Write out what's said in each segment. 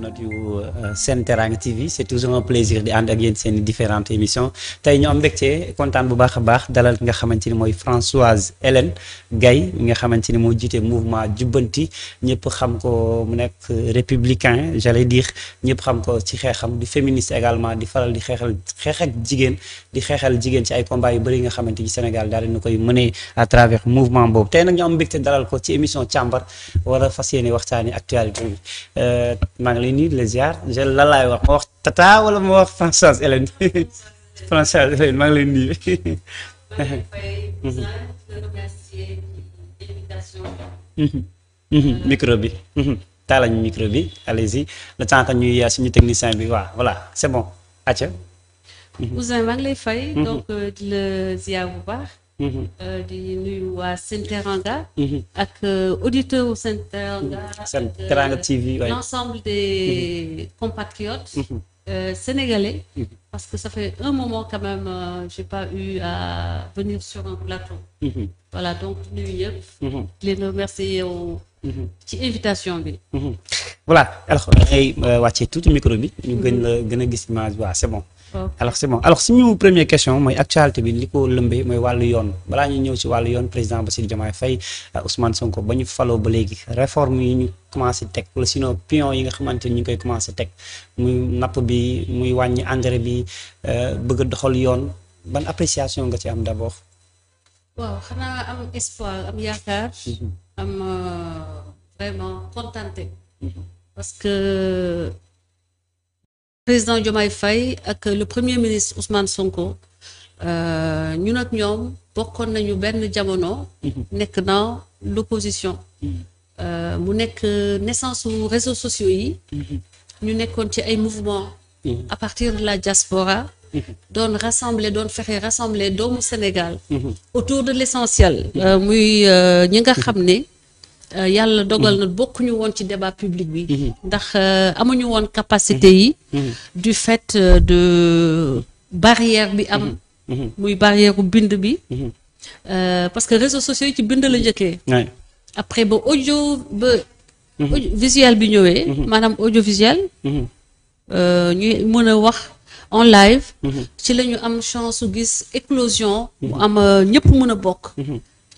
internet yu euh, Sen Teranga TV c'est toujours un plaisir di ànd ak yéen seen différentes émissions tey ñu am mbégte kontaan bu baax a baax dalal ki nga xamante ni mooy Françoise Hélène Gaye mi nga xamante ni moo jiite mouvement jubbanti ñëpp xam ko mu nekk républicain j'allais dire ñëpp xam ko ci xeexam di féministe également di faral di xeexal xeex jigéen di xeexal jigéen ci ay combats yu bëri nga xamante ni Sénégal daal dina koy mënee à travers mouvement boobu tey nag ñu am mbégte dalal ko ci émission càmbar a fas yéene waxtaani actualité nii les ziar je lan laay wax ma wax tata wala ma wax Françoise Hélène Françoise Hélène maa ngi lay nuyu. Mhm. micro bi mhm. taalañu micro bi allez-y le temps que ñuy yaa euh, suñu technicien bi waaw voilà c'est bon acca mhm. Ouzin maa ngi lay fay euh, di la ziar bu Mm-hmm. Euh, di nuyu waa Sen Teranga mm-hmm. ak euh, auditeur Teranga Sen Teranga mm-hmm. euh, des compatriotes sénégalais parce que ça fait un moment j'ai pas eu à venir sur un plateau voilà donc nuyu yëpp di leen remercier yow ci invitation bi voilà alors ngay wàccee tuuti micro bi ñu gën la gën a gis bon alors c'est bon alors suñu première question mooy actualité bi li ko lëmbee mooy wàllu yoon balaa ñuy ñëw ci wàllu yoon président Bassirou Diomaye Faye euh, Ousmane Sonko ba ñu faloo ba léegi réforme yi ñu commencé teg wala sinon pion yi nga xamante ni ñu ngi koy commencé teg muy napp bi muy wàññi engrais bi euh, bëgg a doxal yoon ban appréciation nga ci am d'abord. waaw xanaa am espoir am yaakaar. Mhm. am euh, vraiment contenté. Mhm. parce que. président Diomaye fay ak le premier ministre Ousmane Sonko euh, ñu ak ñoom bokkoon nañu benn jamono. Mhm. nekk dans l'opposition mhm. euh, mu nekk naissance su réseaux sociaux yi. Mhm. ñu nekkoon ci ay mouvement à partir de la diaspora. doon rassembler doon fexe rassembler doomu Sénégal. autour de l'essentiel. Euh, muy ñi nga xam ne. Euh, yàlla dogal na mhm. bokkuñu woon ci débat public bi. Mhm. ndax euh, amuñu woon capacité mhm. yi. du fait euh, de barrière bi am. muy barrière bind bi. parce que réseaux sociaux yi ci bind la njëkkee. après ba audio ba. visuel bi ñëwee. maanaam audiovisuel. ñuy mën a wax en live. ci la ñu am chance su gis éclosion. am ñëpp mën a bokk.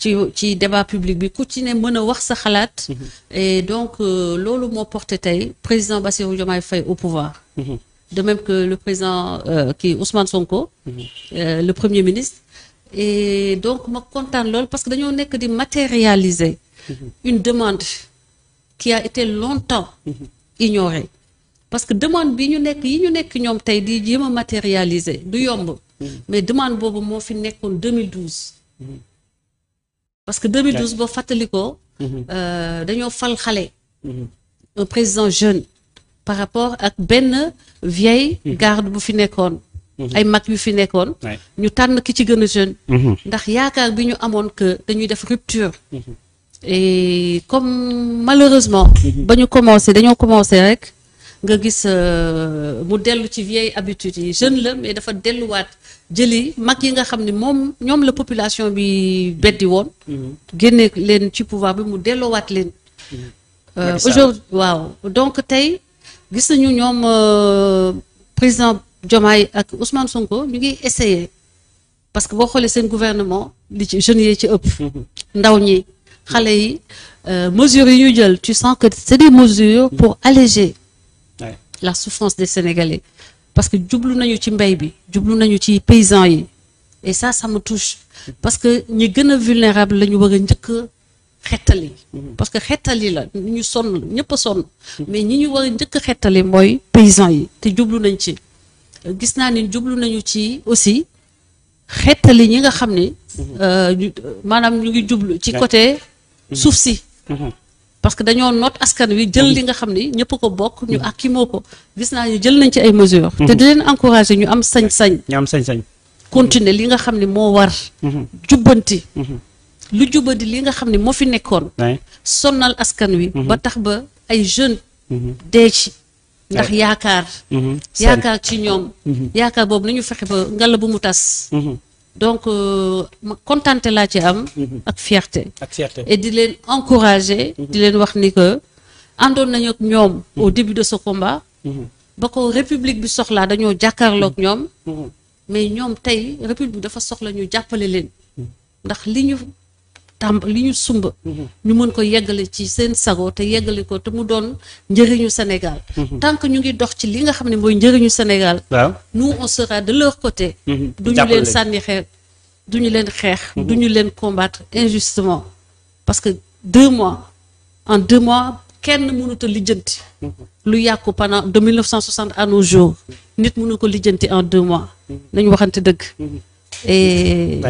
ci ci débat publique bi ku ci ne mën a wax sa xalaat. Mhm. et donc euh, loolu moo porté tey président Bassirou Diomaye Faye au pouvoir. Mhm. de même que le président kii euh, Ousmane Sonko. Mhm. Euh, le premier ministre. et donc ma kontaan loolu parce que dañoo nekk di matérialiser. une demande qui a été longtemps ignorée parce que demande bi ñu nekk ñu nekk ñoom tey di jéem a matérialiser du yomb mais demande boobu moo fi nekkoon 2012 parce que 2012 boo fàttalikoo. Mhm. Euh, dañoo fal xale. Mhm. un président jeune. par rapport ak benn vieille mhm. garde bu fi nekkoon. ay mag yu fi nekkoon. ñu tànn ki ci gën a jeune. ndax yaakaar bi ñu amoon que dañuy def rupture. comme malheureusement. ba ñu commencé dañoo commencé rek. nga gis euh, mu dellu ci vieille habitude yi jeune la mais dafa delluwaat jëli mag yi nga xam ni moom ñoom la population bi beddi woon mm-hmm. génne leen ci pouvoir bi mu delloowaat leen mm-hmm. euh, aujourd'hui waaw donc tey gis nañu ñoom euh, président Diomaye ak Ousmane Sonko ñu ngi essayer parce que boo xoolee seen gouvernement li ci jeunes yi ci ëpp mm-hmm. ndaw ñi xale yi mesures yi ñu jël tu sens que c'est des mesures pour alléger la souffrance des Sénégalais parce que jublu nañu ci mbay bi jublu nañu ci paysans yi et ça ça touche parce que ñi gën a vulnérable lañu ñu war a njëkk xettali parce que xettali la ñu sonn ñëpp sonn mais ñi ñu war a njëkk xettali mooy paysans yi te jublu nañ ci gis naa ni jublu nañu ci aussi xettali ñi nga xam ne euh, euh, maanaam ñu ngi jublu ci côté mm-hmm. suuf si mm-hmm. parce que dañoo noot askan wi jël li nga xam ni ñëpp ko bokk ñu mm-hmm. akimoo ko gis naa ñu jël nañ ci ay mesures. Mm-hmm. te di leen encourager ñu am sañ-sañ. ñu sañ-sañ. continuer li nga xam ni moo war. Mm-hmm. jubbanti. lu jubbadi li nga xam ni moo fi nekkoon. sonnal askan wi. ba tax ba ay jeunes. dee ci. ndax yaakaar. yaakaar ci ñoom. yaakaar boobu nañu fexe ba ngala bu mu tas. donc kontante euh, laa ci am. Mhm. ak fierté. ak et di leen encourager. Mhm. di leen wax ni que àndoon nañu ñoom. o mhm. début de ce combat. ba ko république bi soxla dañoo jàkkaarloog ñoom. mais ñoom tey république bi dafa soxla ñu jàppale leen. ndax li ñu tàmb li ñu sumba mhm. ñu mën ko yeggale ci seen sago te yeggale ko te mu doon njëriñu Sénégal mhm. tant que ñu ngi dox ci li nga xam ne mooy njëriñu Sénégal nu nous on sera de leur côté mhm. du duñu leen sànni du ñu leen xeex du ñu leen combattre injustement parce que deux mois en deux mois kenn mënut a lijjanti lu yàqu pendant de 1960 à nos jours nit mënu ko lijjanti en deux mois nañu waxante dëgg et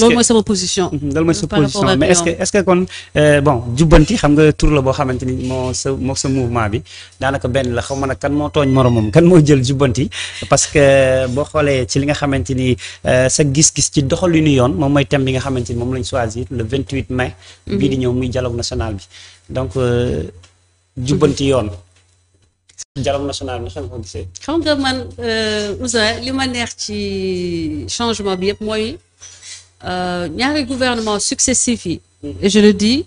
loolu mooy sama position. Mhm, loolu mooy sa position mais est-ce que kon euh, bon jubbanti xam nga tur la boo xamante ni moo sa moo sa mouvement bi daanaka benn la xaw ma nag kan moo tooñ moromam kan moo jël jubbanti parce que boo xoolee ci li nga xamante ni euh, sa gis-gis ci doxalinu yoon moom mooy thème bi nga xamante ni moom lañ choisir le 28 mai. Mhm. bii di ñëw muy dialogue national bi donc euh, jubbanti yoon. dialogue national bi nga ko gisee. xam nga man euh, li ma neex ci changement bi yëpp mooy euh, ñaari gouvernement successif yi. Mm. et je le dis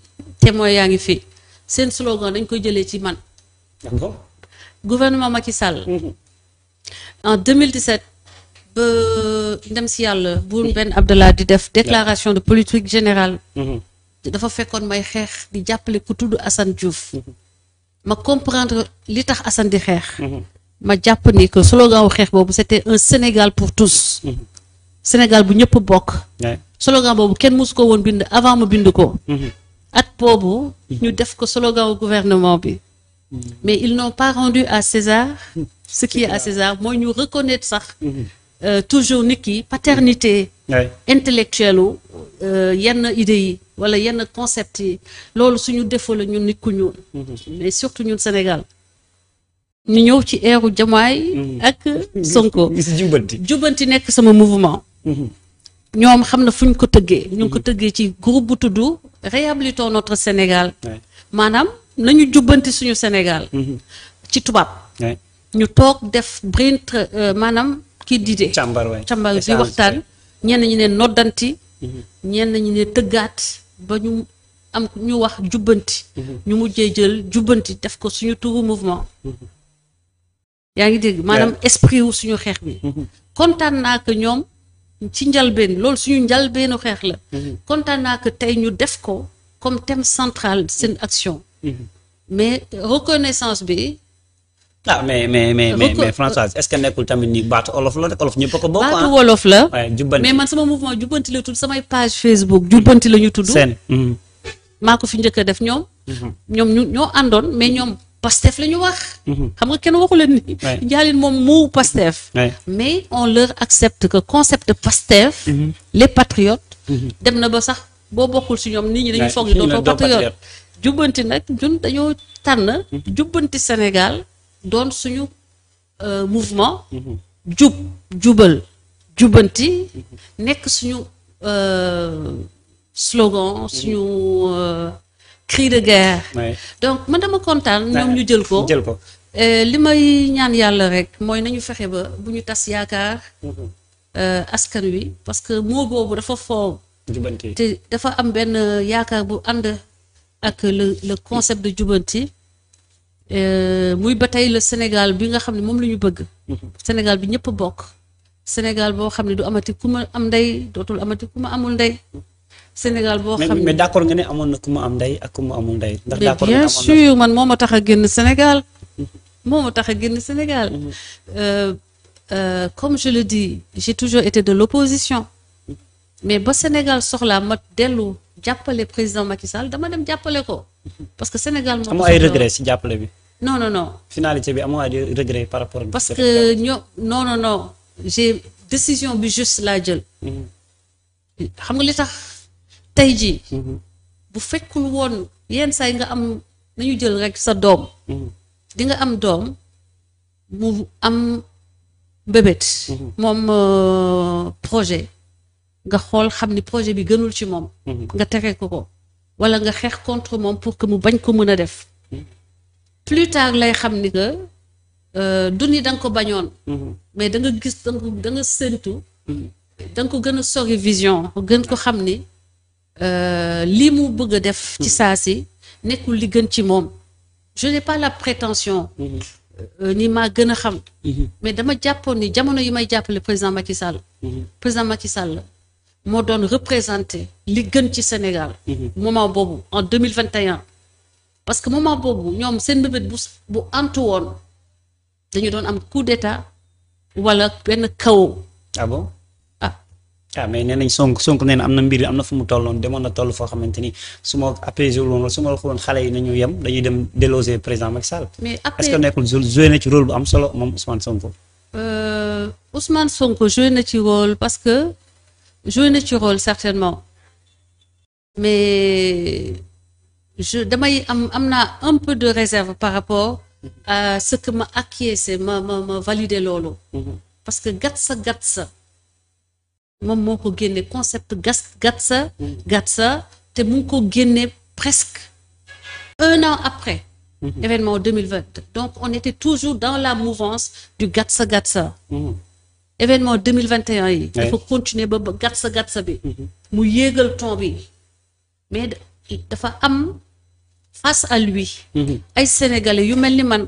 témoin yaa ngi fi seen slogan dañ koy jëlee ci man. d'accord gouvernement Macky Sall. Mm-hmm. en 2017. ba ndem si yàlla buur benn Abdallah di def déclaration de politique générale mm-hmm. dafa fekkoon may xeex di jàppale ku tudd Assane Diouf mm-hmm. ma comprendre li tax Assane di xeex. Mhm. ma jàpp ni que slogan wu xeex boobu c'était un Sénégal pour tous. Mhm. Sénégal bu ñëpp bokk. slogan boobu kenn mosu ko woon bind avant ma bind ko. Mhm. at boobu. ñu def ko slogan wu gouvernement bi. mais ils n'ont pas rendu à César. ce qui est à César mooy ñu reconnaître sax. Euh, toujours nit ki paternité intellectuelle euh, yenn idées yi wala yenn concept yi loolu suñu défaut la ñu nit ku mhm. mais surtout ñun Sénégal ñu ñëw ci eeru Diomaye mhm. ak Sonko jubanti jubanti nekk sama mouvement mhm. ñoom xam na fu ñu ko tëggee ñu ngi ko tëggee ci groupe bu tuddu réhabilitons notre Sénégal maanaam nañu jubbanti suñu Sénégal ci tubaab ñu toog def brain euh, maanaam kii diide càmbar waay càmbar di waxtaan ñenn ñi ne noddanti mhm. ñenn nañu ne tëggaat ba ñu am ñu wax jubbanti mhm. ñu mujjee jël jubbanti def ko suñu turu mouvement mhm. yaa ngi dégg maanaam esprit wu suñu xeex bi kontaan naa que ñoom ci njalbeen lool suñu njalbeenu xeex la kontaan naa que tey ñu def ko comme thème central seen action mais reconnaissance bi ah mais mais mais mais mais ko bokk baatu ah. wolof la jubbanti mais man sama mouvement jubbanti la tudd samay page Facebook jubbanti la tudd mm-hmm. maa ko fi njëkk def ñoom mm-hmm. ñoom ñu ñoo àndoon mais ñoom Pastef la ñu wax mm-hmm. xam nga kenn waxu leen ni njaalin moom muu Pastef mais on leur accepte que concept de Pastef les patriotes dem na ba sax boo bokkul si ñoom nit ñi dañuy foog ni dootoo patriote jubbanti nag ñun dañoo tànn jubbanti Sénégal doon suñu euh, mouvement mhm. jub jubal jubanti mhm. nekk suñu euh, slogan suñu euh, cri de guerre donc man dama kontaan ñoom ñu jël ko jël ko li may ñaan yàlla rek mooy nañu fexe ba bu ñu tas yaakaar mhm. askan wi parce que moo boobu dafa foob te dafa am benn yaakaar bu ànd ak le le concept de jubanti Euh, muy ba tey la Sénégal bi nga xam ne moom la ñu bëgg. Sénégal bi ñëpp bokk. Sénégal boo xam ne du amati ku ma am ndey dootul amati ku ma amul ndey. Sénégal boo xam ne mais d' nga ne amoon na ku ma am ndey ak ku ma amul ndey. ndax d' accord bien sûr man moo ma tax a génn Sénégal. moo ma tax a génn Sénégal. Mm-hmm. Euh, euh, comme je le dis j'ai toujours été de l' opposition. mais ba Sénégal soxlaa ma dellu jàppale président Macky Sall dama dem jàppale ko parce que Sénégal. moo amoo ay regret si jàppale bi. non no non. finalité bi amoo ay regret par rapport. parce que ñoo non non décision bi juste laa jël. Mm-hmm. nga li tax tey jii. Mm-hmm. bu fekkul woon yenn saa yi nga am nañu jël rek sa doom. Mm-hmm. di nga am doom mu am mbébét. moom euh, projet. nga xool xam ni projet bi gënul ci moom mhm. nga tere ko ko wala nga xeex contre moom pour que mu bañ ko mën a def mhm. plus tard lay xam ni que euh, du ni da nga ko bañoon mhm. mais da nga gis da nga da nga séntu da ko gën a sori vision gën ko xam ni euh, lii mu bëgg a def ci saa si nekkul li gën ci moom je n'ai pas la prétention euh, nii maa gën a xam mais dama jàppoon ni jamono yi may jàppale président Macky Sall président Macky la moo doon représenté li gën ci Sénégal. Mhm. moment boobu en deux mille vingt et parce que moment boobu ñoom seen mbébét bu bu antu woon dañu doon am coup d'état wala benn kaw. ah bon ah. ah. mais nee nañ sonk sonk nee na am na mbir am na fu mu tolloon demoon na toll foo xamante ni su ma apaisé wu loon su ma waxuloon xale yi nañu yem dañuy dem déloger président Macky Sall. mais après est-ce que nekkul joué na ci rôle bu am solo moom Ousmane Sonko. Euh, Ousmane Sonko joué na ci rôle parce que. joué na certainement mais je damay am am naa un peu de réserve par rapport à ce que ma acquiescé ma ma ma validé loolu mhm. parce que gatsa gatsa moom moo ko génne concept gas gatsa mhm. gatsa te mu ngi ko génne presque un an après mhm. événement 2020 donc on était toujours dans la mouvance du gatsa gatsa événement 2021 yi. dafa continuer ba ba gats bi. mu yéegal ton bi mais dafa am face à lui. Mhm. ay sénégalais yu mel ni man.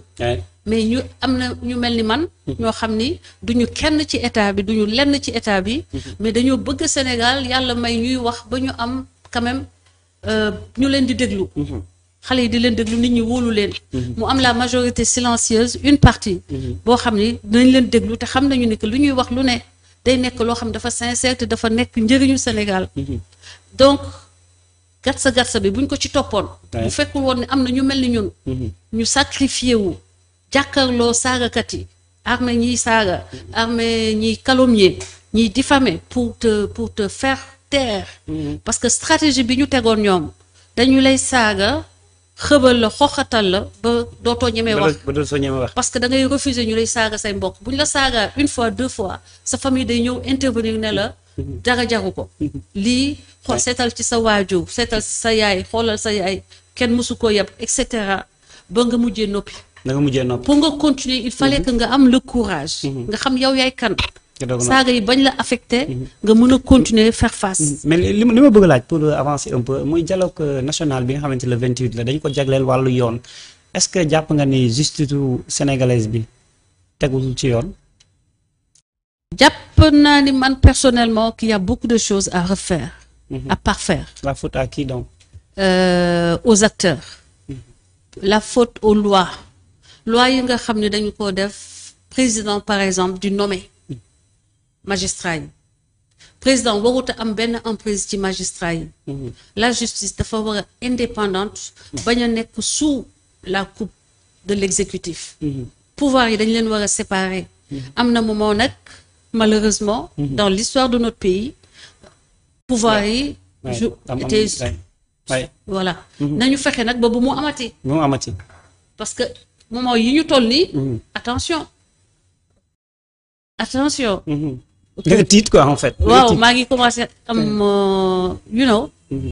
mais ñu am na ñu mel ni man. Mhm. ñoo xam ni duñu kenn ci état bi duñu lenn ci état bi. Mhm. mais dañoo bëgg Sénégal yàlla may ñuy wax ba ñu am quand même euh, ñu leen di déglu. xale yi di leen déglu nit ñi wóolu leen mhm. mu am la majorité silencieuse une partie mhm. boo xam ni dinañ leen déglu te xam nañu ne que lu ñuy wax lu ne day nekk loo xam ne dafa sincère te dafa nekk njëriñu Sénégal mhm. donc gatsa gatsa bi buñ ko ci toppoon bu fekkul woon ne am na ñu mel ni ñun ñu sacrifié wu jàkkarloo saagakat yi armé ñiy saaga armé ñiy calomnier ñiy diffamer pour te pour te faire parce que stratégie bi ñu tegoon ñoom dañu lay saaga xëbal la xoxatal la ba dootoo ñemee wax wax parce que da ngay refuser ñu lay saaga say mbokk bu ñu la saaga une fois deux fois sa famille day ñëw intervenir ne la dara jaru ko li seetal ci sa waajur seetal sa yaay xoolal sa yaay kenn mësu koo yeb et cetera ba nga mujjee noppi da nga mujjee noppi pour nga continuer il fallait mhm. que nga am le courage mhm. nga xam yow yaay kan saaga yi bañ la affecté mhm. nga mën a continuer faire face mhm. mais li li ma bëgg a laaj pour avancer un peu muy dialogue euh, national bi nga xamante le 28 la dañ ko jagleel wàllu yoon est-ce que jàpp nga ni justice sénégalaise bi tegul ci yoon jàpp naa ni man personnellement qu'il y a beaucoup de choses à refaire mhm. à parfaire la faute à qui donc euh, aux acteurs la faute aux lois loi yi nga xam ne dañu ko def président par exemple du nommé magistrat président warut a am benn emprise ci magistrat mhm. la justice dafa war a indépendante bañ a nekk sous la coupe de l'exécutif mhm. pouvoir yi dañ leen war a séparer mhm. am na moment nag malheureusement dans l'histoire de notre pays pouvoir yi voilà nañu fexe nag ba bu mu amati bu amati parce que moment yi ñu toll nii attention attention nga tiit ko en fait. waaw maa ngi commencé am euh, you know.